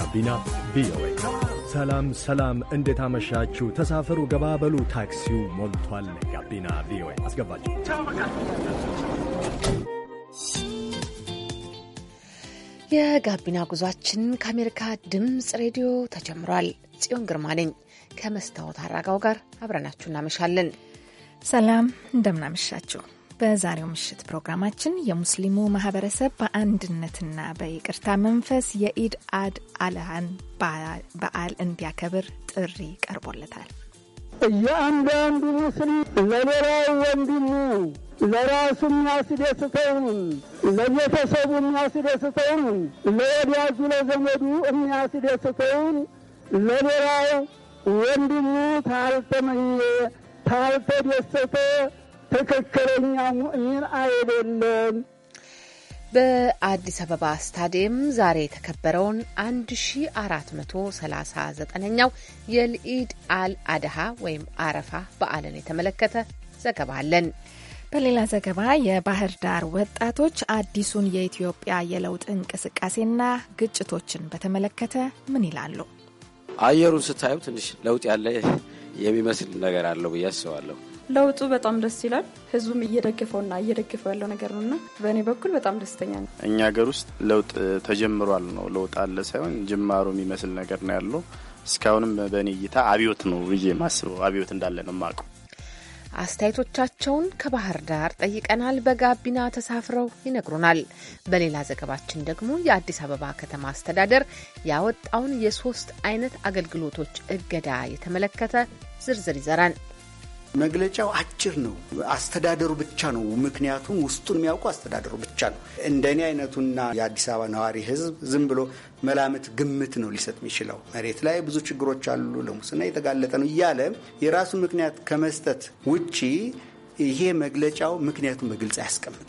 ጋቢና ቪኦኤ። ሰላም ሰላም፣ እንዴት አመሻችሁ? ተሳፈሩ፣ ገባበሉ፣ ታክሲው ሞልቷል። ጋቢና ቪኦኤ አስገባችሁ። የጋቢና ጉዟችን ከአሜሪካ ድምፅ ሬዲዮ ተጀምሯል። ጽዮን ግርማ ነኝ ከመስታወት አራጋው ጋር አብረናችሁ እናመሻለን። ሰላም እንደምናመሻችሁ በዛሬው ምሽት ፕሮግራማችን የሙስሊሙ ማህበረሰብ በአንድነትና በይቅርታ መንፈስ የኢድ አድ አልሃን በዓል እንዲያከብር ጥሪ ቀርቦለታል። እያንዳንዱ ሙስሊም ለሌላው ወንድሙ ለራሱ የሚያስደስተውን ለቤተሰቡ የሚያስደስተውን ለወዳጁ ለዘመዱ የሚያስደስተውን ለሌላው ወንድሙ ታልተመኘ ታልተደሰተ ትክክለኛ ሙእሚን አይደለም። በአዲስ አበባ ስታዲየም ዛሬ የተከበረውን 1439ኛው የልኢድ አል አድሃ ወይም አረፋ በዓልን የተመለከተ ዘገባ አለን። በሌላ ዘገባ የባህር ዳር ወጣቶች አዲሱን የኢትዮጵያ የለውጥ እንቅስቃሴና ግጭቶችን በተመለከተ ምን ይላሉ? አየሩን ስታዩ ትንሽ ለውጥ ያለ የሚመስል ነገር አለው ብዬ አስባለሁ። ለውጡ በጣም ደስ ይላል። ህዝቡም እየደገፈውና እየደገፈው ያለው ነገር ነውና በእኔ በኩል በጣም ደስተኛ ነው። እኛ ሀገር ውስጥ ለውጥ ተጀምሯል ነው ለውጥ አለ ሳይሆን ጅማሮ የሚመስል ነገር ነው ያለው። እስካሁንም በእኔ እይታ አብዮት ነው ብዬ ማስበው አብዮት እንዳለ ነው ማቁ አስተያየቶቻቸውን ከባህር ዳር ጠይቀናል። በጋቢና ተሳፍረው ይነግሩናል። በሌላ ዘገባችን ደግሞ የአዲስ አበባ ከተማ አስተዳደር ያወጣውን የሶስት አይነት አገልግሎቶች እገዳ የተመለከተ ዝርዝር ይዘራል። መግለጫው አጭር ነው። አስተዳደሩ ብቻ ነው ምክንያቱም ውስጡን የሚያውቁ አስተዳደሩ ብቻ ነው። እንደኔ አይነቱና የአዲስ አበባ ነዋሪ ህዝብ ዝም ብሎ መላምት፣ ግምት ነው ሊሰጥ የሚችለው። መሬት ላይ ብዙ ችግሮች አሉ፣ ለሙስና የተጋለጠ ነው እያለ የራሱ ምክንያት ከመስጠት ውጪ ይሄ መግለጫው ምክንያቱን በግልጽ አያስቀምጥ።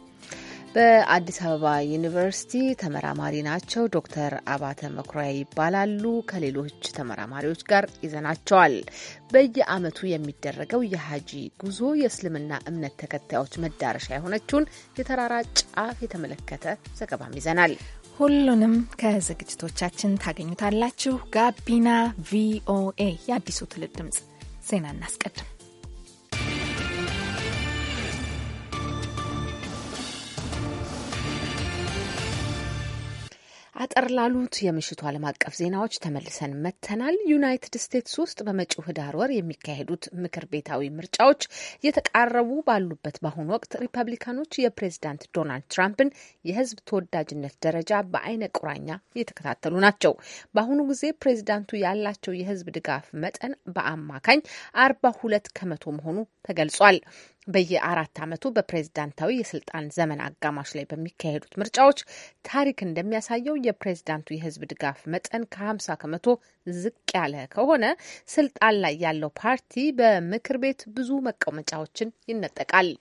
በአዲስ አበባ ዩኒቨርሲቲ ተመራማሪ ናቸው። ዶክተር አባተ መኩሪያ ይባላሉ። ከሌሎች ተመራማሪዎች ጋር ይዘናቸዋል። በየዓመቱ የሚደረገው የሀጂ ጉዞ የእስልምና እምነት ተከታዮች መዳረሻ የሆነችውን የተራራ ጫፍ የተመለከተ ዘገባም ይዘናል። ሁሉንም ከዝግጅቶቻችን ታገኙታላችሁ። ጋቢና ቪኦኤ የአዲሱ ትውልድ ድምፅ። ዜና እናስቀድም። አጠር ላሉት የምሽቱ ዓለም አቀፍ ዜናዎች ተመልሰን መጥተናል። ዩናይትድ ስቴትስ ውስጥ በመጪው ህዳር ወር የሚካሄዱት ምክር ቤታዊ ምርጫዎች እየተቃረቡ ባሉበት በአሁኑ ወቅት ሪፐብሊካኖች የፕሬዚዳንት ዶናልድ ትራምፕን የህዝብ ተወዳጅነት ደረጃ በአይነ ቁራኛ እየተከታተሉ ናቸው። በአሁኑ ጊዜ ፕሬዚዳንቱ ያላቸው የህዝብ ድጋፍ መጠን በአማካኝ አርባ ሁለት ከመቶ መሆኑ ተገልጿል። በየአራት ዓመቱ በፕሬዝዳንታዊ የስልጣን ዘመን አጋማሽ ላይ በሚካሄዱት ምርጫዎች ታሪክ እንደሚያሳየው የፕሬዝዳንቱ የህዝብ ድጋፍ መጠን ከ 5 ከመቶ ዝቅ ያለ ከሆነ ስልጣን ላይ ያለው ፓርቲ በምክር ቤት ብዙ መቀመጫዎችን ይነጠቃል።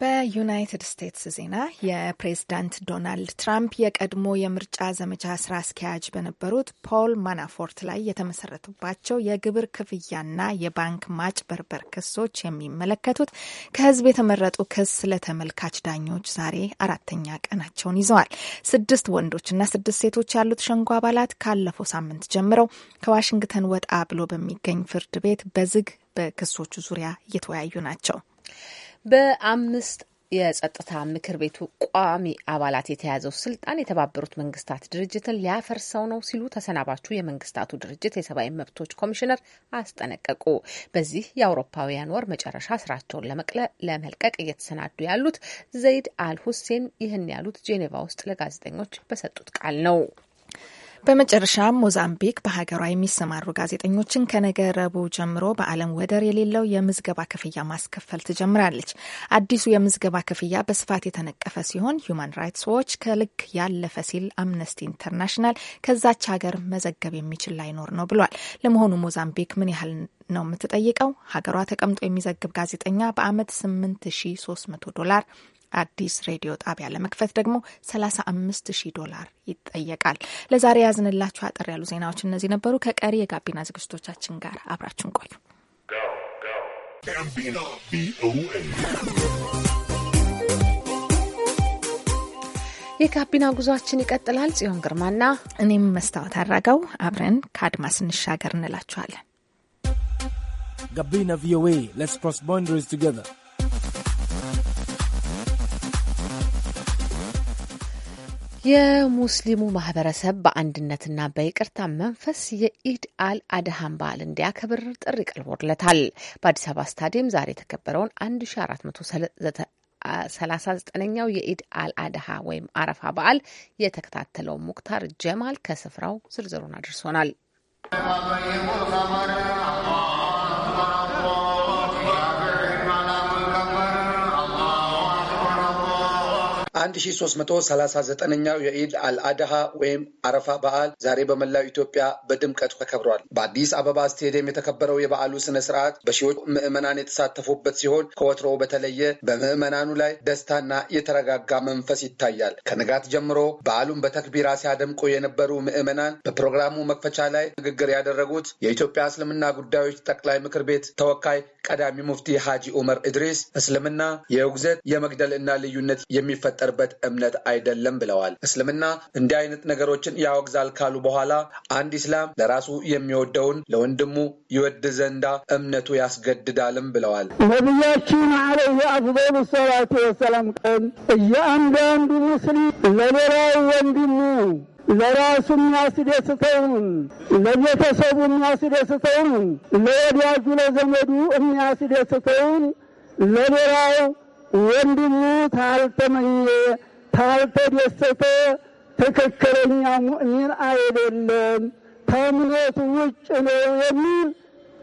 በዩናይትድ ስቴትስ ዜና የፕሬዝዳንት ዶናልድ ትራምፕ የቀድሞ የምርጫ ዘመቻ ስራ አስኪያጅ በነበሩት ፖል ማናፎርት ላይ የተመሰረቱባቸው የግብር ክፍያና የባንክ ማጭበርበር ክሶች የሚመለከቱት ከህዝብ የተመረጡ ክስ ለተመልካች ዳኞች ዛሬ አራተኛ ቀናቸውን ይዘዋል። ስድስት ወንዶችና ስድስት ሴቶች ያሉት ሸንጎ አባላት ካለፈው ሳምንት ጀምረው ከዋሽንግተን ወጣ ብሎ በሚገኝ ፍርድ ቤት በዝግ በክሶቹ ዙሪያ እየተወያዩ ናቸው። በአምስት የጸጥታ ምክር ቤቱ ቋሚ አባላት የተያዘው ስልጣን የተባበሩት መንግስታት ድርጅትን ሊያፈርሰው ነው ሲሉ ተሰናባቹ የመንግስታቱ ድርጅት የሰብአዊ መብቶች ኮሚሽነር አስጠነቀቁ። በዚህ የአውሮፓውያን ወር መጨረሻ ስራቸውን ለመልቀቅ እየተሰናዱ ያሉት ዘይድ አል ሁሴን ይህን ያሉት ጄኔቫ ውስጥ ለጋዜጠኞች በሰጡት ቃል ነው። በመጨረሻ ሞዛምቢክ በሀገሯ የሚሰማሩ ጋዜጠኞችን ከነገ ረቡዕ ጀምሮ በዓለም ወደር የሌለው የምዝገባ ክፍያ ማስከፈል ትጀምራለች። አዲሱ የምዝገባ ክፍያ በስፋት የተነቀፈ ሲሆን ሁማን ራይትስ ዎች ከልክ ያለፈ ሲል አምነስቲ ኢንተርናሽናል ከዛች ሀገር መዘገብ የሚችል ላይኖር ነው ብሏል። ለመሆኑ ሞዛምቢክ ምን ያህል ነው የምትጠይቀው? ሀገሯ ተቀምጦ የሚዘግብ ጋዜጠኛ በአመት 8300 ዶላር አዲስ ሬዲዮ ጣቢያ ለመክፈት ደግሞ 35 ሺህ ዶላር ይጠየቃል። ለዛሬ ያዝንላችሁ አጠር ያሉ ዜናዎች እነዚህ ነበሩ። ከቀሪ የጋቢና ዝግጅቶቻችን ጋር አብራችሁን ቆዩ። የጋቢና ጉዟችን ይቀጥላል። ጽዮን ግርማና እኔም መስታወት አድረገው አብረን ከአድማስ ስንሻገር እንላችኋለን። ጋቢና ቪኦኤ ሌትስ ክሮስ ባውንደሪስ ቱጌዘር የሙስሊሙ ማህበረሰብ በአንድነትና በይቅርታ መንፈስ የኢድ አል አድሃን በዓል እንዲያከብር ጥሪ ቀርቦለታል። በአዲስ አበባ ስታዲየም ዛሬ የተከበረውን 1439ኛው የኢድ አል አድሃ ወይም አረፋ በዓል የተከታተለው ሙክታር ጀማል ከስፍራው ዝርዝሩን አድርሶናል። 1339ኛው የኢድ አልአድሃ ወይም አረፋ በዓል ዛሬ በመላው ኢትዮጵያ በድምቀት ተከብሯል። በአዲስ አበባ ስቴዲየም የተከበረው የበዓሉ ስነ ስርዓት በሺዎች ምዕመናን የተሳተፉበት ሲሆን ከወትሮ በተለየ በምዕመናኑ ላይ ደስታና የተረጋጋ መንፈስ ይታያል። ከንጋት ጀምሮ በዓሉን በተክቢራ ሲያደምቁ የነበሩ ምዕመናን በፕሮግራሙ መክፈቻ ላይ ንግግር ያደረጉት የኢትዮጵያ እስልምና ጉዳዮች ጠቅላይ ምክር ቤት ተወካይ ቀዳሚ ሙፍቲ ሐጂ ዑመር እድሪስ እስልምና የውግዘት የመግደል እና ልዩነት የሚፈጠርበት የሚደረግበት እምነት አይደለም ብለዋል። እስልምና እንዲህ አይነት ነገሮችን ያወግዛል ካሉ በኋላ አንድ ኢስላም ለራሱ የሚወደውን ለወንድሙ ይወድ ዘንዳ እምነቱ ያስገድዳልም ብለዋል። ነቢያችን አለይሂ አፍዶሉ ሰላቱ ወሰላም ቀን እያንዳንዱ ሙስሊም ለሌላው ወንድሙ ለራሱ የሚያስደስተውን ለቤተሰቡ የሚያስደስተውን ለወዳጁ ለዘመዱ የሚያስደስተውን ለሌላው ወንድሙ ታልተመኘ ታልተደሰተ ትክክለኛ ሙእሚን አይደለም፣ ከእምነቱ ውጭ ነው የሚል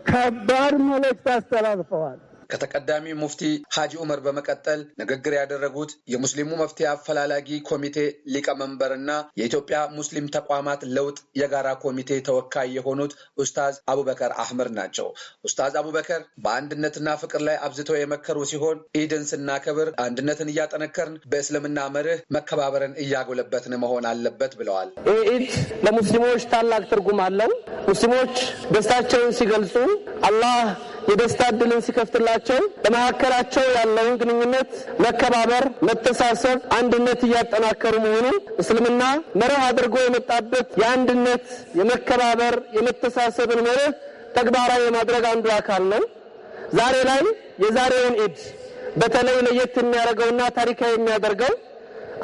ከባድ መልእክት አስተላልፈዋል። ከተቀዳሚ ሙፍቲ ሀጂ ዑመር በመቀጠል ንግግር ያደረጉት የሙስሊሙ መፍትሄ አፈላላጊ ኮሚቴ ሊቀመንበርና የኢትዮጵያ ሙስሊም ተቋማት ለውጥ የጋራ ኮሚቴ ተወካይ የሆኑት ኡስታዝ አቡበከር አህመድ ናቸው። ኡስታዝ አቡበከር በአንድነትና ፍቅር ላይ አብዝተው የመከሩ ሲሆን ኢድን ስናከብር አንድነትን እያጠነከርን በእስልምና መርህ መከባበርን እያጎለበትን መሆን አለበት ብለዋል። ኢድ ለሙስሊሞች ታላቅ ትርጉም አለው። ሙስሊሞች ደስታቸውን ሲገልጹ አላህ የደስታ እድልን ሲከፍትላቸው በመካከላቸው ያለውን ግንኙነት፣ መከባበር፣ መተሳሰብ፣ አንድነት እያጠናከሩ መሆኑ እስልምና መርህ አድርጎ የመጣበት የአንድነት፣ የመከባበር፣ የመተሳሰብን መርህ ተግባራዊ የማድረግ አንዱ አካል ነው። ዛሬ ላይ የዛሬውን ኢድ በተለይ ለየት የሚያደርገውና ታሪካዊ የሚያደርገው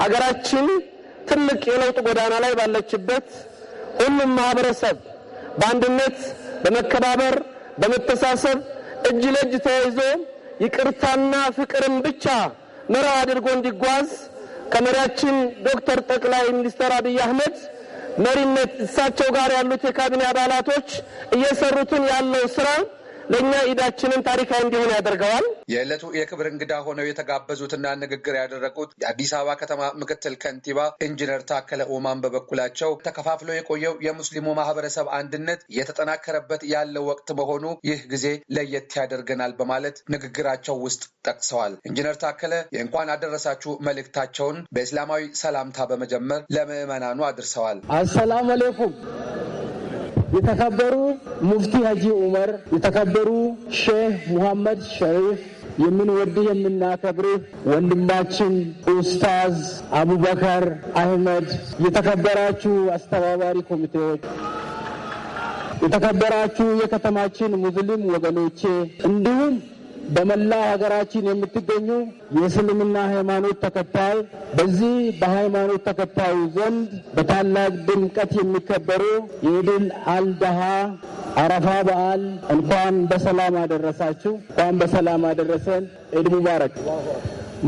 አገራችን ትልቅ የለውጥ ጎዳና ላይ ባለችበት ሁሉም ማህበረሰብ በአንድነት በመከባበር በመተሳሰብ እጅ ለእጅ ተያይዞ ይቅርታና ፍቅርን ብቻ መርህ አድርጎ እንዲጓዝ ከመሪያችን ዶክተር ጠቅላይ ሚኒስትር አብይ አህመድ መሪነት እሳቸው ጋር ያሉት የካቢኔ አባላቶች እየሰሩትን ያለው ስራ ለእኛ ኢዳችንን ታሪካዊ እንዲሆን ያደርገዋል። የዕለቱ የክብር እንግዳ ሆነው የተጋበዙትና ንግግር ያደረጉት የአዲስ አበባ ከተማ ምክትል ከንቲባ ኢንጂነር ታከለ ኡማን በበኩላቸው ተከፋፍሎ የቆየው የሙስሊሙ ማህበረሰብ አንድነት እየተጠናከረበት ያለው ወቅት መሆኑ ይህ ጊዜ ለየት ያደርገናል በማለት ንግግራቸው ውስጥ ጠቅሰዋል። ኢንጂነር ታከለ የእንኳን አደረሳችሁ መልእክታቸውን በእስላማዊ ሰላምታ በመጀመር ለምዕመናኑ አድርሰዋል። አሰላሙ አሌይኩም የተከበሩ ሙፍቲ ሀጂ ዑመር፣ የተከበሩ ሼህ ሙሐመድ ሸሪፍ፣ የምንወድህ የምናከብርህ ወንድማችን ኡስታዝ አቡበከር አህመድ፣ የተከበራችሁ አስተባባሪ ኮሚቴዎች የተከበራችሁ የከተማችን ሙስሊም ወገኖቼ እንዲሁም በመላ ሀገራችን የምትገኙ የእስልምና ሃይማኖት ተከታይ በዚህ በሃይማኖት ተከታዩ ዘንድ በታላቅ ድምቀት የሚከበሩ የኢድል አልደሃ አረፋ በዓል እንኳን በሰላም አደረሳችሁ፣ እንኳን በሰላም አደረሰን። ኢድ ሙባረክ።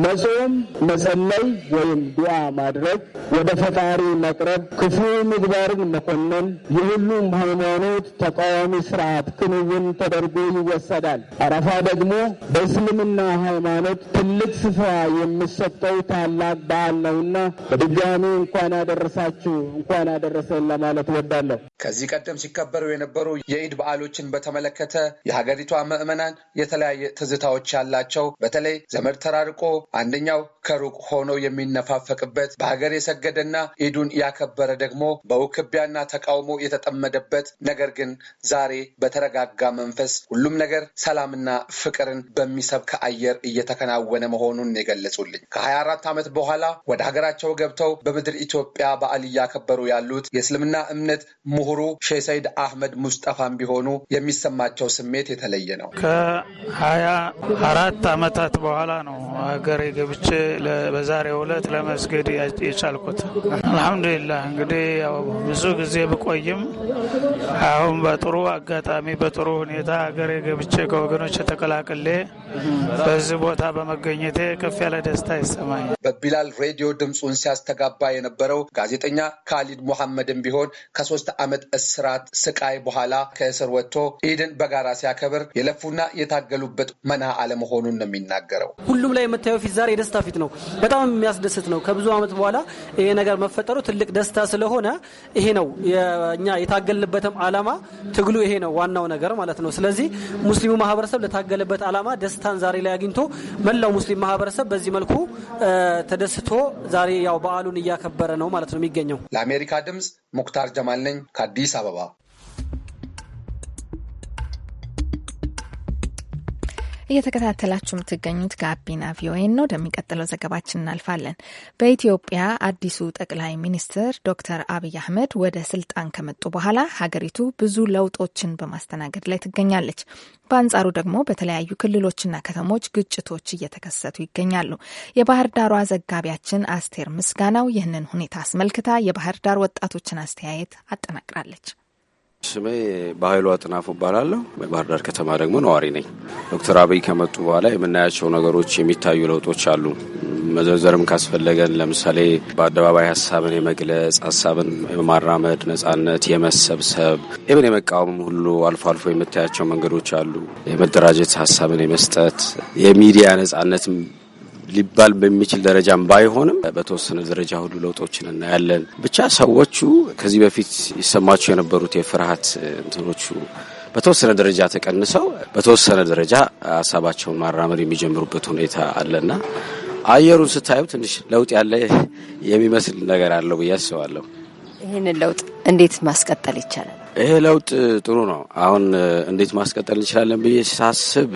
መጾም፣ መጸለይ ወይም ዱዓ ማድረግ፣ ወደ ፈጣሪ መቅረብ፣ ክፉ ምግባርን መኮነን የሁሉም ሃይማኖት ተቃዋሚ ስርዓት ክንውን ተደርጎ ይወሰዳል። አረፋ ደግሞ በእስልምና ሃይማኖት ትልቅ ስፍራ የሚሰጠው ታላቅ በዓል ነውና በድጋሚ እንኳን አደረሳችሁ እንኳን አደረሰን ለማለት ወዳለሁ። ከዚህ ቀደም ሲከበሩ የነበሩ የኢድ በዓሎችን በተመለከተ የሀገሪቷ ምዕመናን የተለያየ ትዝታዎች ያላቸው በተለይ ዘመድ ተራርቆ አንደኛው ከሩቅ ሆኖ የሚነፋፈቅበት በሀገር የሰገደና ኢዱን ያከበረ ደግሞ በውክቢያና ተቃውሞ የተጠመደበት ነገር ግን ዛሬ በተረጋጋ መንፈስ ሁሉም ነገር ሰላምና ፍቅርን በሚሰብክ አየር እየተከናወነ መሆኑን የገለጹልኝ ከሀያ አራት ዓመት በኋላ ወደ ሀገራቸው ገብተው በምድር ኢትዮጵያ በዓል እያከበሩ ያሉት የእስልምና እምነት ምሁሩ ሼህ ሰይድ አህመድ ሙስጠፋም ቢሆኑ የሚሰማቸው ስሜት የተለየ ነው። ከሀያ አራት አመታት በኋላ ነው ሀገሬ ገብቼ በዛሬው ዕለት ለመስገድ የቻልኩት። አልሐምዱሊላህ እንግዲህ ያው ብዙ ጊዜ ብቆይም አሁን በጥሩ አጋጣሚ በጥሩ ሁኔታ ሀገሬ ገብቼ ከወገኖች ተቀላቅሌ በዚህ ቦታ በመገኘቴ ከፍ ያለ ደስታ ይሰማኛል። በቢላል ሬዲዮ ድምፁን ሲያስተጋባ የነበረው ጋዜጠኛ ካሊድ ሙሐመድን ቢሆን ከሶስት አመት ዓመት እስራት ስቃይ በኋላ ከእስር ወጥቶ ኢድን በጋራ ሲያከብር የለፉና የታገሉበት መና አለመሆኑን ነው የሚናገረው። ሁሉም ላይ የምታየው ፊት ዛሬ የደስታ ፊት ነው። በጣም የሚያስደስት ነው። ከብዙ ዓመት በኋላ ይሄ ነገር መፈጠሩ ትልቅ ደስታ ስለሆነ ይሄ ነው እኛ የታገልንበትም ዓላማ ትግሉ ይሄ ነው ዋናው ነገር ማለት ነው። ስለዚህ ሙስሊሙ ማህበረሰብ ለታገለበት ዓላማ ደስታን ዛሬ ላይ አግኝቶ መላው ሙስሊም ማህበረሰብ በዚህ መልኩ ተደስቶ ዛሬ ያው በዓሉን እያከበረ ነው ማለት ነው የሚገኘው። ለአሜሪካ ድምጽ ሙክታር ጀማል ነኝ። ဒီစာပါပါ እየተከታተላችሁ የምትገኙት ጋቢና ቪኦኤን ነው። ወደሚቀጥለው ዘገባችን እናልፋለን። በኢትዮጵያ አዲሱ ጠቅላይ ሚኒስትር ዶክተር አብይ አህመድ ወደ ስልጣን ከመጡ በኋላ ሀገሪቱ ብዙ ለውጦችን በማስተናገድ ላይ ትገኛለች። በአንጻሩ ደግሞ በተለያዩ ክልሎችና ከተሞች ግጭቶች እየተከሰቱ ይገኛሉ። የባህር ዳሯ ዘጋቢያችን አስቴር ምስጋናው ይህንን ሁኔታ አስመልክታ የባህር ዳር ወጣቶችን አስተያየት አጠናቅራለች። ስሜ በኃይሉ አጥናፉ እባላለሁ። በባህር ዳር ከተማ ደግሞ ነዋሪ ነኝ። ዶክተር አብይ ከመጡ በኋላ የምናያቸው ነገሮች የሚታዩ ለውጦች አሉ። መዘርዘርም ካስፈለገን ለምሳሌ በአደባባይ ሀሳብን የመግለጽ ሀሳብን የማራመድ ነጻነት፣ የመሰብሰብ ኢብን የመቃወም ሁሉ አልፎ አልፎ የምታያቸው መንገዶች አሉ። የመደራጀት ሀሳብን የመስጠት የሚዲያ ነጻነትም ሊባል በሚችል ደረጃም ባይሆንም በተወሰነ ደረጃ ሁሉ ለውጦችን እናያለን። ብቻ ሰዎቹ ከዚህ በፊት ይሰማቸው የነበሩት የፍርሃት እንትኖቹ በተወሰነ ደረጃ ተቀንሰው በተወሰነ ደረጃ ሀሳባቸውን ማራመድ የሚጀምሩበት ሁኔታ አለና አየሩን ስታዩ ትንሽ ለውጥ ያለ የሚመስል ነገር አለው ብዬ አስባለሁ። ይህንን ለውጥ እንዴት ማስቀጠል ይቻላል? ይሄ ለውጥ ጥሩ ነው። አሁን እንዴት ማስቀጠል እንችላለን ብዬ ሳስብ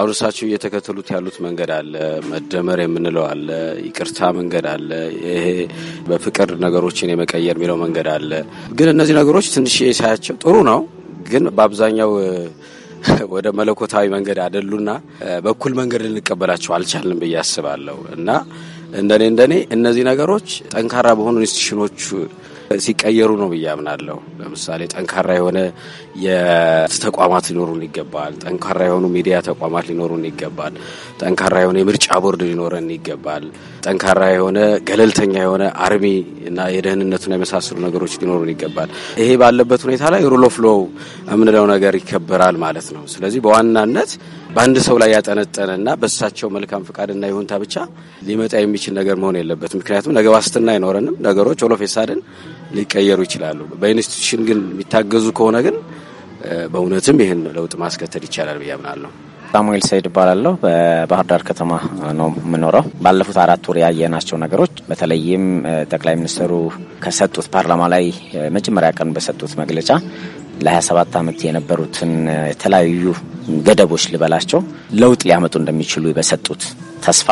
አውርሳቸው እየተከተሉት ያሉት መንገድ አለ፣ መደመር የምንለው አለ፣ ይቅርታ መንገድ አለ፣ ይሄ በፍቅር ነገሮችን የመቀየር የሚለው መንገድ አለ። ግን እነዚህ ነገሮች ትንሽ ሳያቸው ጥሩ ነው፣ ግን በአብዛኛው ወደ መለኮታዊ መንገድ አደሉና በኩል መንገድ ልንቀበላቸው አልቻልንም ብዬ አስባለሁ እና እንደኔ እንደኔ እነዚህ ነገሮች ጠንካራ በሆኑ ኢንስቲቱሽኖች ሲቀየሩ ነው ብዬ አምናለሁ። ለምሳሌ ጠንካራ የሆነ የተቋማት ተቋማት ሊኖሩን ይገባል። ጠንካራ የሆኑ ሚዲያ ተቋማት ሊኖሩን ይገባል። ጠንካራ የሆነ የምርጫ ቦርድ ሊኖረን ይገባል። ጠንካራ የሆነ ገለልተኛ የሆነ አርሚ እና የደህንነቱን የመሳሰሉ ነገሮች ሊኖሩን ይገባል። ይሄ ባለበት ሁኔታ ላይ ሩል ኦፍ ሎው የምንለው ነገር ይከበራል ማለት ነው። ስለዚህ በዋናነት በአንድ ሰው ላይ ያጠነጠነና በሳቸው መልካም ፍቃድና ይሁንታ ብቻ ሊመጣ የሚችል ነገር መሆን የለበት። ምክንያቱም ነገ ዋስትና አይኖረንም። ነገሮች ኦሎፌሳድን ሊቀየሩ ይችላሉ። በኢንስቲቱሽን ግን የሚታገዙ ከሆነ ግን በእውነትም ይህን ለውጥ ማስከተል ይቻላል ብዬ አምናለሁ። ሳሙኤል ሰይድ እባላለሁ። በባህር ዳር ከተማ ነው የምኖረው። ባለፉት አራት ወር ያየናቸው ነገሮች በተለይም ጠቅላይ ሚኒስትሩ ከሰጡት ፓርላማ ላይ መጀመሪያ ቀን በሰጡት መግለጫ ለ27 ዓመት የነበሩትን የተለያዩ ገደቦች ልበላቸው ለውጥ ሊያመጡ እንደሚችሉ በሰጡት ተስፋ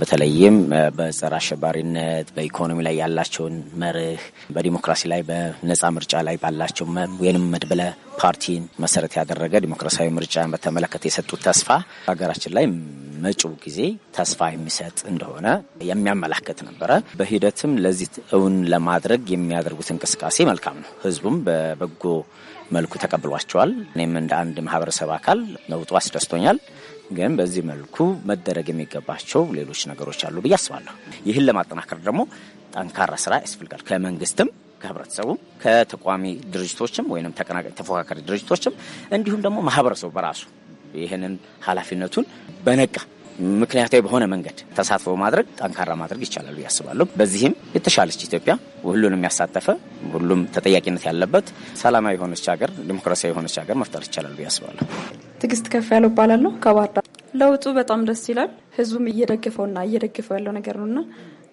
በተለይም በጸረ አሸባሪነት በኢኮኖሚ ላይ ያላቸውን መርህ በዲሞክራሲ ላይ በነጻ ምርጫ ላይ ባላቸው ወይንም መድበለ ፓርቲን መሰረት ያደረገ ዲሞክራሲያዊ ምርጫ በተመለከተ የሰጡት ተስፋ ሀገራችን ላይ መጪው ጊዜ ተስፋ የሚሰጥ እንደሆነ የሚያመላክት ነበረ። በሂደትም ለዚህ እውን ለማድረግ የሚያደርጉት እንቅስቃሴ መልካም ነው። ህዝቡም በበጎ መልኩ ተቀብሏቸዋል። እኔም እንደ አንድ ማህበረሰብ አካል ለውጡ አስደስቶኛል። ግን በዚህ መልኩ መደረግ የሚገባቸው ሌሎች ነገሮች አሉ ብዬ አስባለሁ። ይህን ለማጠናከር ደግሞ ጠንካራ ስራ ያስፈልጋል ከመንግስትም ከህብረተሰቡም ከተቋሚ ድርጅቶችም ወይም ተፎካካሪ ድርጅቶችም እንዲሁም ደግሞ ማህበረሰቡ በራሱ ይህንን ኃላፊነቱን በነቃ ምክንያታዊ በሆነ መንገድ ተሳትፎ ማድረግ ጠንካራ ማድረግ ይቻላል ያስባሉ። አስባለሁ። በዚህም የተሻለች ኢትዮጵያ ሁሉንም ያሳተፈ ሁሉም ተጠያቂነት ያለበት ሰላማዊ የሆነች ሀገር፣ ዲሞክራሲያዊ የሆነች ሀገር መፍጠር ይቻላሉ ያስባሉ። አስባለሁ። ትዕግስት ከፍ ያለው እባላለሁ ከባህር ዳር። ለውጡ በጣም ደስ ይላል። ህዝቡም እየደገፈውና እየደገፈው ያለው ነገር ነውና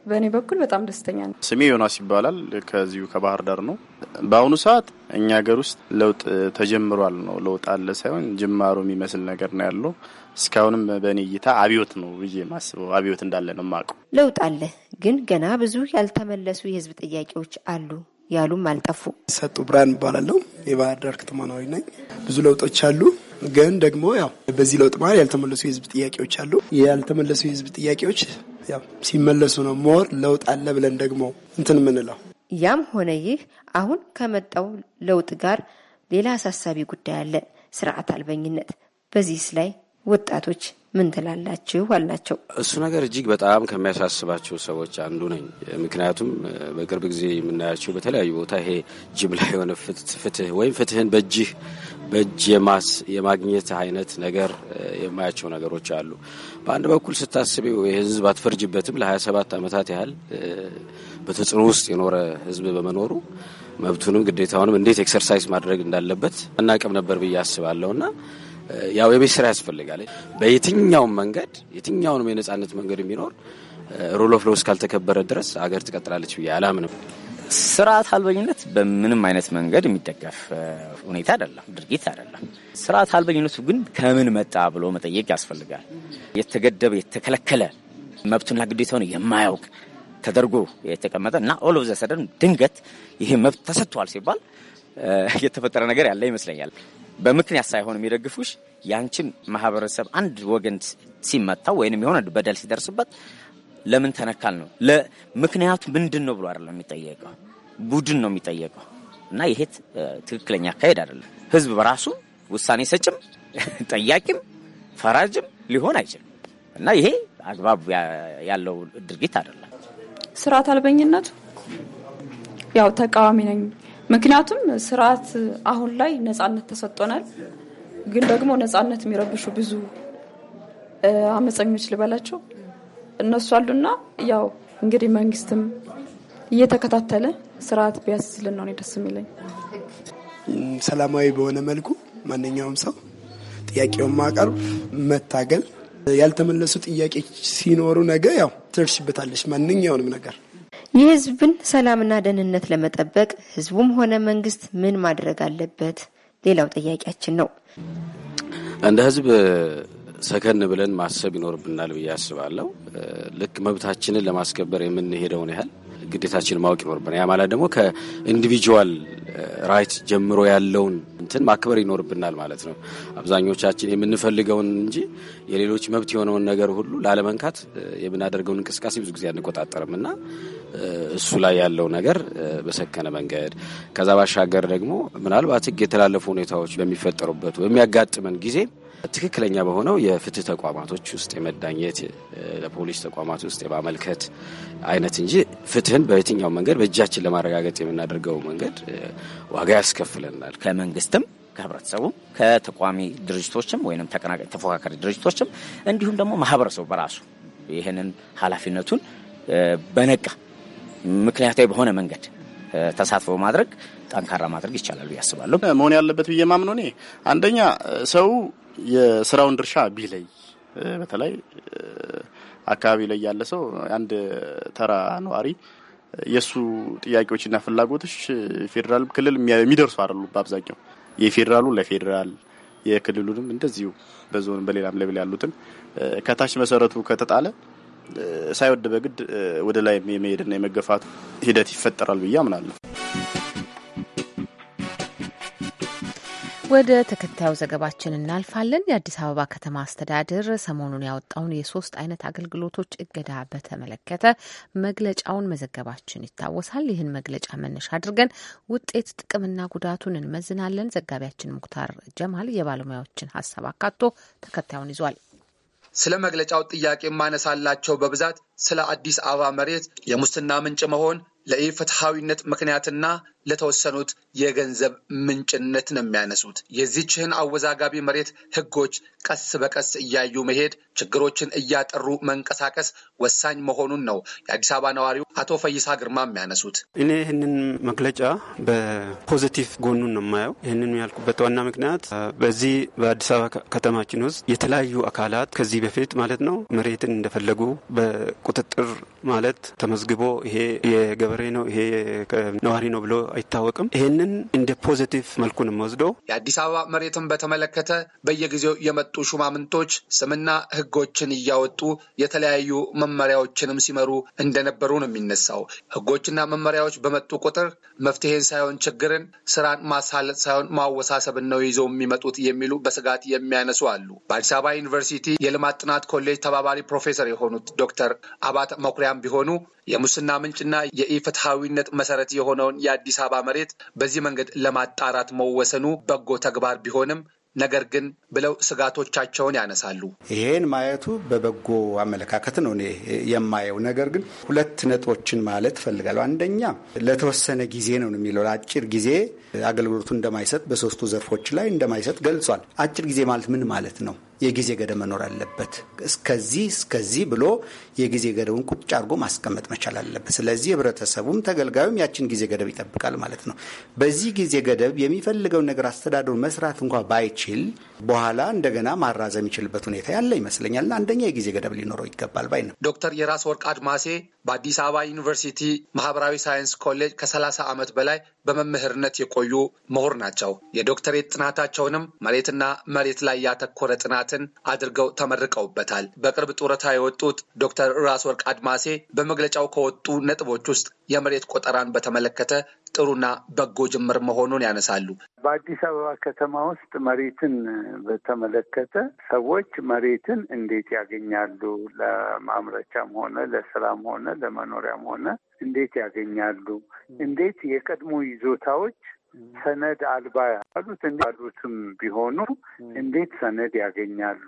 በእኔ በኩል በጣም ደስተኛ ነው። ስሜ ዮናስ ይባላል። ከዚሁ ከባህር ዳር ነው። በአሁኑ ሰዓት እኛ ሀገር ውስጥ ለውጥ ተጀምሯል ነው ለውጥ አለ ሳይሆን ጅማሮ የሚመስል ነገር ነው ያለው እስካሁንም በእኔ እይታ አብዮት ነው ብዬ ማስበው አብዮት እንዳለ ነው ማቁ ለውጥ አለ፣ ግን ገና ብዙ ያልተመለሱ የህዝብ ጥያቄዎች አሉ ያሉም አልጠፉ። ሰጡ ብርሃን እባላለሁ። የባህር ዳር ከተማ ነዋሪ ነኝ። ብዙ ለውጦች አሉ ግን ደግሞ ያው በዚህ ለውጥ መሀል ያልተመለሱ የህዝብ ጥያቄዎች አሉ። ያልተመለሱ የህዝብ ጥያቄዎች ያው ሲመለሱ ነው ሞር ለውጥ አለ ብለን ደግሞ እንትን የምንለው። ያም ሆነ ይህ አሁን ከመጣው ለውጥ ጋር ሌላ አሳሳቢ ጉዳይ አለ፣ ስርዓት አልበኝነት። በዚህስ ላይ ወጣቶች ምን ትላላችሁ? አላቸው። እሱ ነገር እጅግ በጣም ከሚያሳስባቸው ሰዎች አንዱ ነኝ። ምክንያቱም በቅርብ ጊዜ የምናያቸው በተለያዩ ቦታ ይሄ ጅምላ የሆነ ፍትህ ወይም ፍትህን በእጅህ በእጅ የማግኘት አይነት ነገር የማያቸው ነገሮች አሉ። በአንድ በኩል ስታስበው የህዝብ አትፈርጅበትም ለ27 ዓመታት ያህል በተጽዕኖ ውስጥ የኖረ ህዝብ በመኖሩ መብቱንም ግዴታውንም እንዴት ኤክሰርሳይዝ ማድረግ እንዳለበት አናቅም ነበር ብዬ አስባለሁ እና ያው የቤት ስራ ያስፈልጋል። በየትኛውም መንገድ የትኛውንም የነጻነት መንገድ የሚኖር ሩል ኦፍ ሎው እስካልተከበረ ድረስ አገር ትቀጥላለች ብዬ አላምንም። ስርዓት አልበኝነት በምንም አይነት መንገድ የሚደገፍ ሁኔታ አይደለም፣ ድርጊት አይደለም። ስርዓት አልበኝነቱ ግን ከምን መጣ ብሎ መጠየቅ ያስፈልጋል። የተገደበ የተከለከለ መብቱና ግዴታውን የማያውቅ ተደርጎ የተቀመጠ እና ኦል ኦፍ ዘ ሰደን ድንገት ይሄ መብት ተሰጥቷል ሲባል የተፈጠረ ነገር ያለ ይመስለኛል። በምክንያት ሳይሆን የሚደግፉሽ ያንቺን ማህበረሰብ አንድ ወገን ሲመታው ወይንም የሆነ በደል ሲደርስበት ለምን ተነካል ነው ለምክንያቱ ምንድን ነው ብሎ አይደለም የሚጠየቀው፣ ቡድን ነው የሚጠየቀው። እና ይሄ ትክክለኛ አካሄድ አይደለም። ህዝብ በራሱ ውሳኔ ሰጭም ጠያቂም ፈራጅም ሊሆን አይችልም። እና ይሄ አግባብ ያለው ድርጊት አይደለም። ስርዓት አልበኝነቱ ያው ተቃዋሚ ነኝ ምክንያቱም ስርዓት አሁን ላይ ነጻነት ተሰጥቶናል፣ ግን ደግሞ ነጻነት የሚረብሹ ብዙ አመፀኞች ልበላቸው እነሱ አሉና ያው እንግዲህ መንግስትም እየተከታተለ ስርዓት ቢያስስልን ነው ደስ የሚለኝ። ሰላማዊ በሆነ መልኩ ማንኛውም ሰው ጥያቄውን ማቀርብ መታገል፣ ያልተመለሱ ጥያቄ ሲኖሩ ነገ ያው ትደርሽበታለች ማንኛውንም ነገር የህዝብን ሰላምና ደህንነት ለመጠበቅ ህዝቡም ሆነ መንግስት ምን ማድረግ አለበት? ሌላው ጥያቄያችን ነው። እንደ ህዝብ ሰከን ብለን ማሰብ ይኖርብናል ብዬ አስባለሁ። ልክ መብታችንን ለማስከበር የምንሄደውን ያህል ግዴታችን ማወቅ ይኖርብናል። ያ ማለት ደግሞ ከኢንዲቪጁዋል ራይት ጀምሮ ያለውን እንትን ማክበር ይኖርብናል ማለት ነው። አብዛኞቻችን የምንፈልገውን እንጂ የሌሎች መብት የሆነውን ነገር ሁሉ ላለመንካት የምናደርገውን እንቅስቃሴ ብዙ ጊዜ አንቆጣጠርም እና እሱ ላይ ያለው ነገር በሰከነ መንገድ ከዛ ባሻገር ደግሞ ምናልባት ሕግ የተላለፉ ሁኔታዎች በሚፈጠሩበት በሚያጋጥመን ጊዜ ትክክለኛ በሆነው የፍትህ ተቋማቶች ውስጥ የመዳኘት ለፖሊስ ተቋማት ውስጥ የማመልከት አይነት እንጂ ፍትህን በየትኛው መንገድ በእጃችን ለማረጋገጥ የምናደርገው መንገድ ዋጋ ያስከፍለናል። ከመንግስትም ከህብረተሰቡ ከተቋሚ ድርጅቶችም ወይም ተፎካካሪ ድርጅቶችም እንዲሁም ደግሞ ማህበረሰቡ በራሱ ይህንን ኃላፊነቱን በነቃ ምክንያታዊ በሆነ መንገድ ተሳትፎ ማድረግ ጠንካራ ማድረግ ይቻላል ብዬ አስባለሁ። መሆን ያለበት ብዬ ማምኖ እኔ አንደኛ ሰው የስራውን ድርሻ ቢለይ በተለይ አካባቢ ላይ ያለ ሰው አንድ ተራ ነዋሪ የእሱ ጥያቄዎችና ፍላጎቶች ፌዴራል ክልል የሚደርሱ አይደሉ። በአብዛኛው የፌዴራሉ ለፌዴራል የክልሉንም እንደዚሁ በዞን በሌላም ሌብል ያሉትን ከታች መሰረቱ ከተጣለ ሳይወድ በግድ ወደ ላይ የመሄድና የመገፋቱ ሂደት ይፈጠራል ብዬ አምናለሁ። ወደ ተከታዩ ዘገባችን እናልፋለን። የአዲስ አበባ ከተማ አስተዳደር ሰሞኑን ያወጣውን የሶስት አይነት አገልግሎቶች እገዳ በተመለከተ መግለጫውን መዘገባችን ይታወሳል። ይህን መግለጫ መነሻ አድርገን ውጤት፣ ጥቅምና ጉዳቱን እንመዝናለን። ዘጋቢያችን ሙክታር ጀማል የባለሙያዎችን ሀሳብ አካቶ ተከታዩን ይዟል። ስለ መግለጫው ጥያቄ ማነሳላቸው በብዛት ስለ አዲስ አበባ መሬት የሙስና ምንጭ መሆን ለኢፍትሐዊነት ምክንያትና ለተወሰኑት የገንዘብ ምንጭነት ነው የሚያነሱት። የዚህችን አወዛጋቢ መሬት ህጎች ቀስ በቀስ እያዩ መሄድ፣ ችግሮችን እያጠሩ መንቀሳቀስ ወሳኝ መሆኑን ነው የአዲስ አበባ ነዋሪው አቶ ፈይሳ ግርማ የሚያነሱት። እኔ ይህንን መግለጫ በፖዚቲቭ ጎኑን ነው የማየው። ይህንን ያልኩበት ዋና ምክንያት በዚህ በአዲስ አበባ ከተማችን ውስጥ የተለያዩ አካላት ከዚህ በፊት ማለት ነው መሬትን እንደፈለጉ በቁጥጥር ማለት ተመዝግቦ ይሄ የገበሬ ነው ይሄ ነዋሪ ነው ብሎ አይታወቅም። ይህንን እንደ ፖዘቲቭ መልኩን ነው የአዲስ አበባ መሬትን በተመለከተ በየጊዜው የመጡ ሹማምንቶች ስምና ህጎችን እያወጡ የተለያዩ መመሪያዎችንም ሲመሩ እንደነበሩ ነው የሚነሳው። ህጎችና መመሪያዎች በመጡ ቁጥር መፍትሄን ሳይሆን ችግርን፣ ስራን ማሳለጥ ሳይሆን ማወሳሰብን ነው ይዘው የሚመጡት የሚሉ በስጋት የሚያነሱ አሉ። በአዲስ አበባ ዩኒቨርሲቲ የልማት ጥናት ኮሌጅ ተባባሪ ፕሮፌሰር የሆኑት ዶክተር አባተ መኩሪያም ቢሆኑ የሙስና ምንጭና የኢፍትሐዊነት መሰረት የሆነውን የአዲስ አበባ መሬት በዚህ መንገድ ለማጣራት መወሰኑ በጎ ተግባር ቢሆንም ነገር ግን ብለው ስጋቶቻቸውን ያነሳሉ። ይሄን ማየቱ በበጎ አመለካከት ነው እኔ የማየው። ነገር ግን ሁለት ነጥቦችን ማለት እፈልጋለሁ። አንደኛ ለተወሰነ ጊዜ ነው የሚለው አጭር ጊዜ አገልግሎቱ እንደማይሰጥ በሶስቱ ዘርፎች ላይ እንደማይሰጥ ገልጿል። አጭር ጊዜ ማለት ምን ማለት ነው? የጊዜ ገደብ መኖር አለበት። እስከዚህ እስከዚህ ብሎ የጊዜ ገደቡን ቁጭ አድርጎ ማስቀመጥ መቻል አለበት። ስለዚህ ህብረተሰቡም ተገልጋዩም ያችን ጊዜ ገደብ ይጠብቃል ማለት ነው። በዚህ ጊዜ ገደብ የሚፈልገውን ነገር አስተዳደሩ መስራት እንኳ ባይችል በኋላ እንደገና ማራዘም የሚችልበት ሁኔታ ያለ ይመስለኛል እና አንደኛ የጊዜ ገደብ ሊኖረው ይገባል ባይ ነው። ዶክተር የራስ ወርቅ አድማሴ በአዲስ አበባ ዩኒቨርሲቲ ማህበራዊ ሳይንስ ኮሌጅ ከሰላሳ ዓመት በላይ በመምህርነት የቆዩ ምሁር ናቸው። የዶክተሬት ጥናታቸውንም መሬትና መሬት ላይ ያተኮረ ጥናት ጥናትን አድርገው ተመርቀውበታል። በቅርብ ጡረታ የወጡት ዶክተር ራስ ወርቅ አድማሴ በመግለጫው ከወጡ ነጥቦች ውስጥ የመሬት ቆጠራን በተመለከተ ጥሩና በጎ ጅምር መሆኑን ያነሳሉ። በአዲስ አበባ ከተማ ውስጥ መሬትን በተመለከተ ሰዎች መሬትን እንዴት ያገኛሉ? ለማምረቻም ሆነ ለስራም ሆነ ለመኖሪያም ሆነ እንዴት ያገኛሉ? እንዴት የቀድሞ ይዞታዎች ሰነድ አልባ ያሉት እንዲ ያሉትም ቢሆኑ እንዴት ሰነድ ያገኛሉ?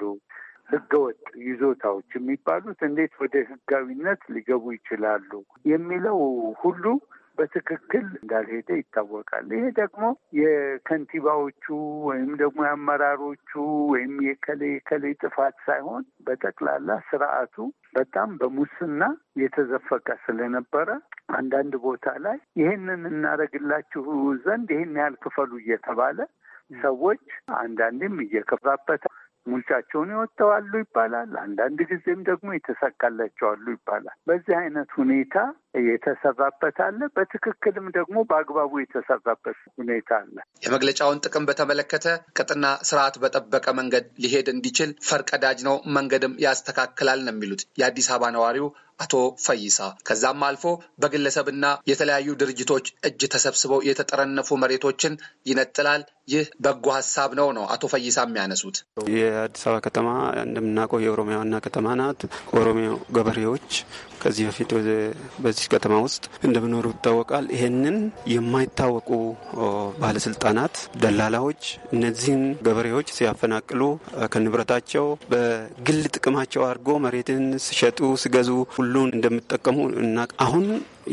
ህገወጥ ይዞታዎች የሚባሉት እንዴት ወደ ህጋዊነት ሊገቡ ይችላሉ? የሚለው ሁሉ በትክክል እንዳልሄደ ይታወቃል። ይሄ ደግሞ የከንቲባዎቹ ወይም ደግሞ የአመራሮቹ ወይም የከሌ የከሌ ጥፋት ሳይሆን በጠቅላላ ስርዓቱ በጣም በሙስና የተዘፈቀ ስለነበረ አንዳንድ ቦታ ላይ ይህንን እናደርግላችሁ ዘንድ ይህን ያህል ክፈሉ እየተባለ ሰዎች አንዳንድም እየከፋበት ሙልቻቸውን ይወጥተዋሉ ይባላል። አንዳንድ ጊዜም ደግሞ የተሳካላቸዋሉ ይባላል። በዚህ አይነት ሁኔታ የተሰራበት አለ። በትክክልም ደግሞ በአግባቡ የተሰራበት ሁኔታ አለ። የመግለጫውን ጥቅም በተመለከተ ቅጥና ስርዓት በጠበቀ መንገድ ሊሄድ እንዲችል ፈርቀዳጅ ነው፣ መንገድም ያስተካክላል ነው የሚሉት የአዲስ አበባ ነዋሪው አቶ ፈይሳ ከዛም አልፎ በግለሰብና የተለያዩ ድርጅቶች እጅ ተሰብስበው የተጠረነፉ መሬቶችን ይነጥላል። ይህ በጎ ሀሳብ ነው ነው አቶ ፈይሳ የሚያነሱት። የአዲስ አበባ ከተማ እንደምናውቀው የኦሮሚያ ዋና ከተማ ናት። ኦሮሚያ ገበሬዎች ከዚህ በፊት በዚህ በዚች ከተማ ውስጥ እንደምኖሩ ይታወቃል። ይህንን የማይታወቁ ባለስልጣናት፣ ደላላዎች እነዚህን ገበሬዎች ሲያፈናቅሉ ከንብረታቸው በግል ጥቅማቸው አድርጎ መሬትን ሲሸጡ ሲገዙ ሁሉን እንደሚጠቀሙ እና አሁን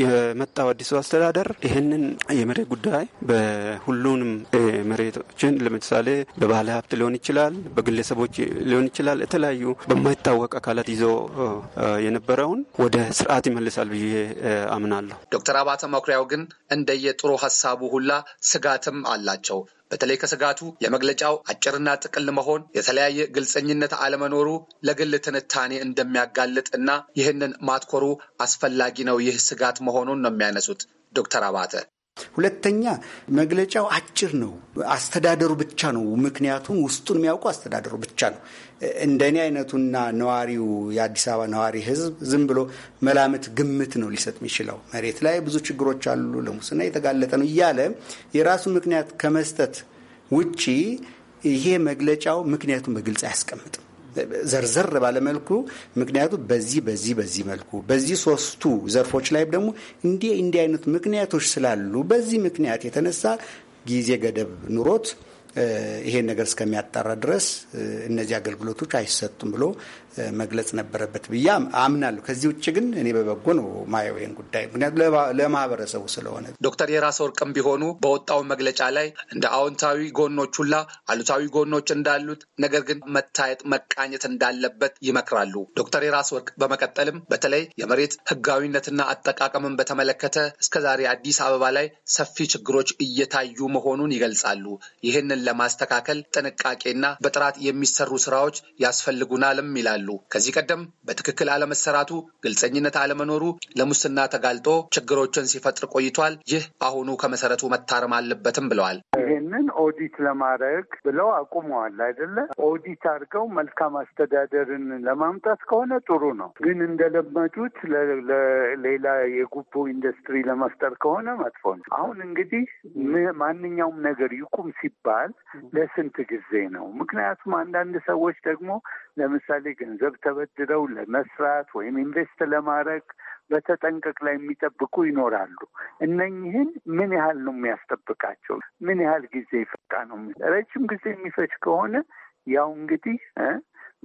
የመጣው አዲሱ አስተዳደር ይህንን የመሬት ጉዳይ በሁሉንም መሬቶችን ለምሳሌ በባለ ሀብት ሊሆን ይችላል፣ በግለሰቦች ሊሆን ይችላል፣ የተለያዩ በማይታወቅ አካላት ይዞ የነበረውን ወደ ስርዓት ይመልሳል ብዬ አምናለሁ። ዶክተር አባተ መኩሪያው ግን እንደየጥሩ ሀሳቡ ሁላ ስጋትም አላቸው። በተለይ ከስጋቱ የመግለጫው አጭርና ጥቅል መሆን የተለያየ ግልጸኝነት አለመኖሩ ለግል ትንታኔ እንደሚያጋልጥ እና ይህንን ማትኮሩ አስፈላጊ ነው። ይህ ስጋት መሆኑን ነው የሚያነሱት ዶክተር አባተ ሁለተኛ መግለጫው አጭር ነው። አስተዳደሩ ብቻ ነው ምክንያቱም ውስጡን የሚያውቁ አስተዳደሩ ብቻ ነው። እንደኔ አይነቱና ነዋሪው የአዲስ አበባ ነዋሪ ህዝብ ዝም ብሎ መላምት፣ ግምት ነው ሊሰጥ የሚችለው። መሬት ላይ ብዙ ችግሮች አሉ፣ ለሙስና የተጋለጠ ነው እያለ የራሱ ምክንያት ከመስጠት ውጪ ይሄ መግለጫው ምክንያቱን በግልጽ አያስቀምጥም። ዘርዘር ባለመልኩ ምክንያቱ በዚህ በዚህ በዚህ መልኩ በዚህ ሶስቱ ዘርፎች ላይ ደግሞ እንዲህ እንዲህ አይነት ምክንያቶች ስላሉ በዚህ ምክንያት የተነሳ ጊዜ ገደብ ኑሮት ይሄን ነገር እስከሚያጣራ ድረስ እነዚህ አገልግሎቶች አይሰጡም ብሎ መግለጽ ነበረበት ብዬ አምናለሁ። ከዚህ ውጭ ግን እኔ በበጎ ነው ማየው ይህን ጉዳይ ምክንያቱ ለማህበረሰቡ ስለሆነ። ዶክተር የራስ ወርቅም ቢሆኑ በወጣው መግለጫ ላይ እንደ አዎንታዊ ጎኖች ሁላ አሉታዊ ጎኖች እንዳሉት ነገር ግን መታየት መቃኘት እንዳለበት ይመክራሉ። ዶክተር የራስ ወርቅ በመቀጠልም በተለይ የመሬት ህጋዊነትና አጠቃቀምን በተመለከተ እስከዛሬ አዲስ አበባ ላይ ሰፊ ችግሮች እየታዩ መሆኑን ይገልጻሉ። ይህንን ለማስተካከል ጥንቃቄና በጥራት የሚሰሩ ስራዎች ያስፈልጉናልም ይላሉ። ይገኛሉ። ከዚህ ቀደም በትክክል አለመሰራቱ፣ ግልጸኝነት አለመኖሩ ለሙስና ተጋልጦ ችግሮችን ሲፈጥር ቆይቷል። ይህ አሁኑ ከመሰረቱ መታረም አለበትም ብለዋል። ይህንን ኦዲት ለማድረግ ብለው አቁመዋል አይደለ? ኦዲት አድርገው መልካም አስተዳደርን ለማምጣት ከሆነ ጥሩ ነው። ግን እንደለመዱት ሌላ የጉቦ ኢንዱስትሪ ለመፍጠር ከሆነ መጥፎ ነው። አሁን እንግዲህ ማንኛውም ነገር ይቁም ሲባል ለስንት ጊዜ ነው? ምክንያቱም አንዳንድ ሰዎች ደግሞ ለምሳሌ ገንዘብ ተበድረው ለመስራት ወይም ኢንቨስት ለማድረግ በተጠንቀቅ ላይ የሚጠብቁ ይኖራሉ። እነኝህን ምን ያህል ነው የሚያስጠብቃቸው? ምን ያህል ጊዜ ይፈቃ ነው? ረጅም ጊዜ የሚፈጅ ከሆነ ያው እንግዲህ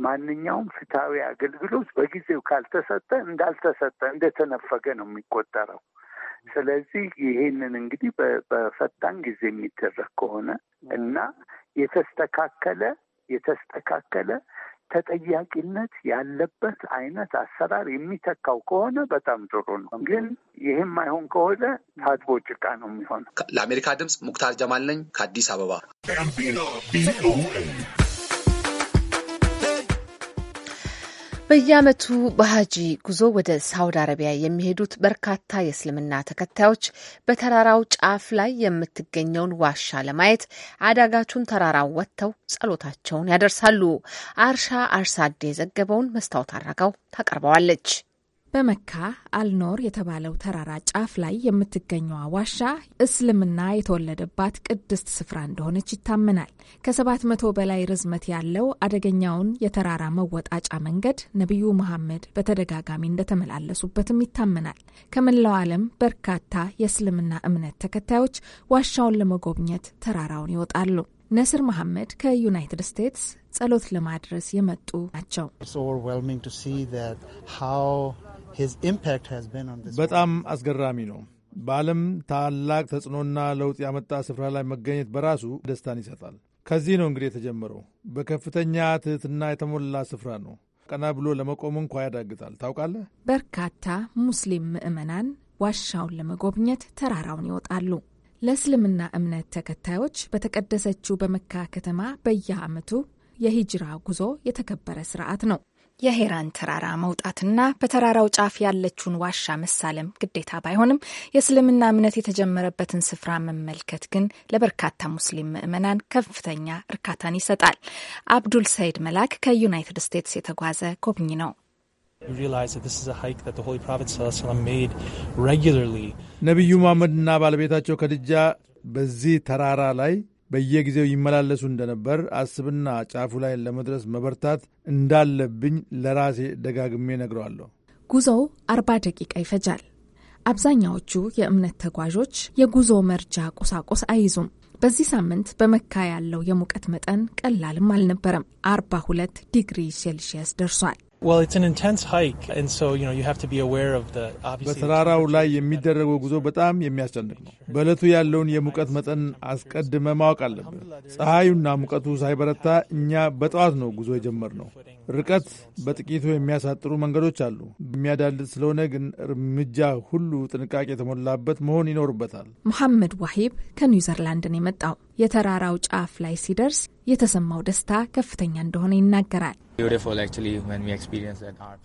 ማንኛውም ፍትሐዊ አገልግሎት በጊዜው ካልተሰጠ እንዳልተሰጠ እንደተነፈገ ነው የሚቆጠረው። ስለዚህ ይሄንን እንግዲህ በፈጣን ጊዜ የሚደረግ ከሆነ እና የተስተካከለ የተስተካከለ ተጠያቂነት ያለበት አይነት አሰራር የሚተካው ከሆነ በጣም ጥሩ ነው። ግን ይህም አይሆን ከሆነ ታጥቦ ጭቃ ነው የሚሆነው። ለአሜሪካ ድምፅ ሙክታር ጀማል ነኝ ከአዲስ አበባ። በየዓመቱ በሀጂ ጉዞ ወደ ሳውዲ አረቢያ የሚሄዱት በርካታ የእስልምና ተከታዮች በተራራው ጫፍ ላይ የምትገኘውን ዋሻ ለማየት አዳጋቹን ተራራው ወጥተው ጸሎታቸውን ያደርሳሉ። አርሻ አርሳዴ የዘገበውን መስታወት አድርጋው ታቀርበዋለች። በመካ አልኖር የተባለው ተራራ ጫፍ ላይ የምትገኘዋ ዋሻ እስልምና የተወለደባት ቅድስት ስፍራ እንደሆነች ይታመናል። ከሰባት መቶ በላይ ርዝመት ያለው አደገኛውን የተራራ መወጣጫ መንገድ ነቢዩ መሐመድ በተደጋጋሚ እንደተመላለሱበትም ይታመናል። ከመላው ዓለም በርካታ የእስልምና እምነት ተከታዮች ዋሻውን ለመጎብኘት ተራራውን ይወጣሉ። ነስር መሐመድ ከዩናይትድ ስቴትስ ጸሎት ለማድረስ የመጡ ናቸው። በጣም አስገራሚ ነው። በዓለም ታላቅ ተጽዕኖና ለውጥ ያመጣ ስፍራ ላይ መገኘት በራሱ ደስታን ይሰጣል። ከዚህ ነው እንግዲህ የተጀመረው። በከፍተኛ ትህትና የተሞላ ስፍራ ነው። ቀና ብሎ ለመቆም እንኳ ያዳግታል። ታውቃለህ፣ በርካታ ሙስሊም ምዕመናን ዋሻውን ለመጎብኘት ተራራውን ይወጣሉ። ለእስልምና እምነት ተከታዮች በተቀደሰችው በመካ ከተማ በየዓመቱ የሂጅራ ጉዞ የተከበረ ስርዓት ነው። የሄራን ተራራ መውጣትና በተራራው ጫፍ ያለችውን ዋሻ መሳለም ግዴታ ባይሆንም የእስልምና እምነት የተጀመረበትን ስፍራ መመልከት ግን ለበርካታ ሙስሊም ምዕመናን ከፍተኛ እርካታን ይሰጣል። አብዱል ሰይድ መላክ ከዩናይትድ ስቴትስ የተጓዘ ጎብኝ ነው። ነቢዩ መሐመድና ባለቤታቸው ከድጃ በዚህ ተራራ ላይ በየጊዜው ይመላለሱ እንደነበር አስብና ጫፉ ላይ ለመድረስ መበርታት እንዳለብኝ ለራሴ ደጋግሜ ነግረዋለሁ። ጉዞው አርባ ደቂቃ ይፈጃል። አብዛኛዎቹ የእምነት ተጓዦች የጉዞ መርጃ ቁሳቁስ አይይዙም። በዚህ ሳምንት በመካ ያለው የሙቀት መጠን ቀላልም አልነበረም። አርባ ሁለት ዲግሪ ሴልሺየስ ደርሷል። በተራራው ላይ የሚደረገው ጉዞ በጣም የሚያስጨንቅ ነው። በዕለቱ ያለውን የሙቀት መጠን አስቀድመ ማወቅ አለብን። ፀሐዩና ሙቀቱ ሳይበረታ እኛ በጠዋት ነው ጉዞ የጀመርነው። ርቀት በጥቂቱ የሚያሳጥሩ መንገዶች አሉ። የሚያዳልጥ ስለሆነ ግን እርምጃ ሁሉ ጥንቃቄ የተሞላበት መሆን ይኖርበታል። መሐመድ ዋሂብ ከኒውዘርላንድ ነው የመጣው። የተራራው ጫፍ ላይ ሲደርስ የተሰማው ደስታ ከፍተኛ እንደሆነ ይናገራል።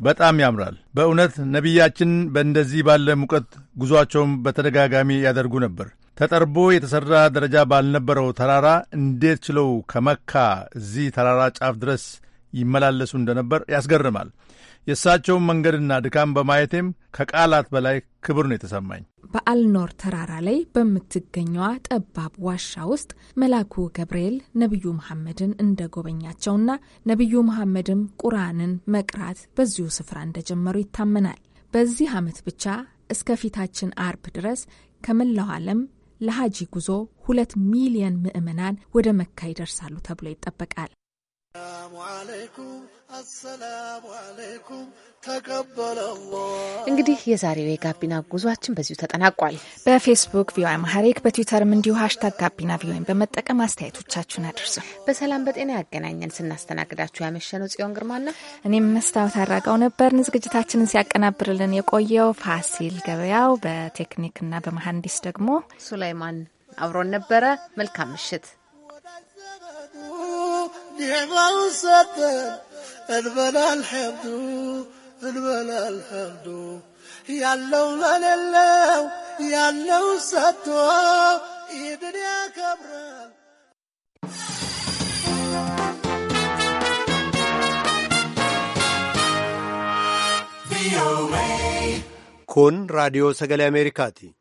በጣም ያምራል። በእውነት ነቢያችን በእንደዚህ ባለ ሙቀት ጉዟቸውን በተደጋጋሚ ያደርጉ ነበር። ተጠርቦ የተሠራ ደረጃ ባልነበረው ተራራ እንዴት ችለው ከመካ እዚህ ተራራ ጫፍ ድረስ ይመላለሱ እንደነበር ያስገርማል። የእሳቸውን መንገድና ድካም በማየቴም ከቃላት በላይ ክብር ነው የተሰማኝ። በአልኖር ተራራ ላይ በምትገኘዋ ጠባብ ዋሻ ውስጥ መልአኩ ገብርኤል ነቢዩ መሐመድን ጎበኛቸውና ነቢዩ መሐመድም ቁርአንን መቅራት በዚሁ ስፍራ እንደጀመሩ ይታመናል። በዚህ ዓመት ብቻ እስከ ፊታችን አርብ ድረስ ከመላው ዓለም ለሀጂ ጉዞ ሁለት ሚሊየን ምዕመናን ወደ መካ ይደርሳሉ ተብሎ ይጠበቃል። እንግዲህ የዛሬው የጋቢና ጉዟችን በዚሁ ተጠናቋል። በፌስቡክ ቪ አማሐሪክ በትዊተርም እንዲሁ ሀሽታግ ጋቢና ቪኦኤን በመጠቀም አስተያየቶቻችሁን አድርሱ። በሰላም በጤና ያገናኘን። ስናስተናግዳችሁ ያመሸነው ጽዮን ግርማና እኔም መስታወት አራጋው ነበርን። ዝግጅታችንን ሲያቀናብርልን የቆየው ፋሲል ገበያው፣ በቴክኒክና በመሐንዲስ ደግሞ ሱላይማን አብሮን ነበረ። መልካም ምሽት። جيب الستر البلا الحمدو البلا الحمدو يا اللو ما للو يا اللو ستو يدنيا كبرى كون راديو سجل امريكاتي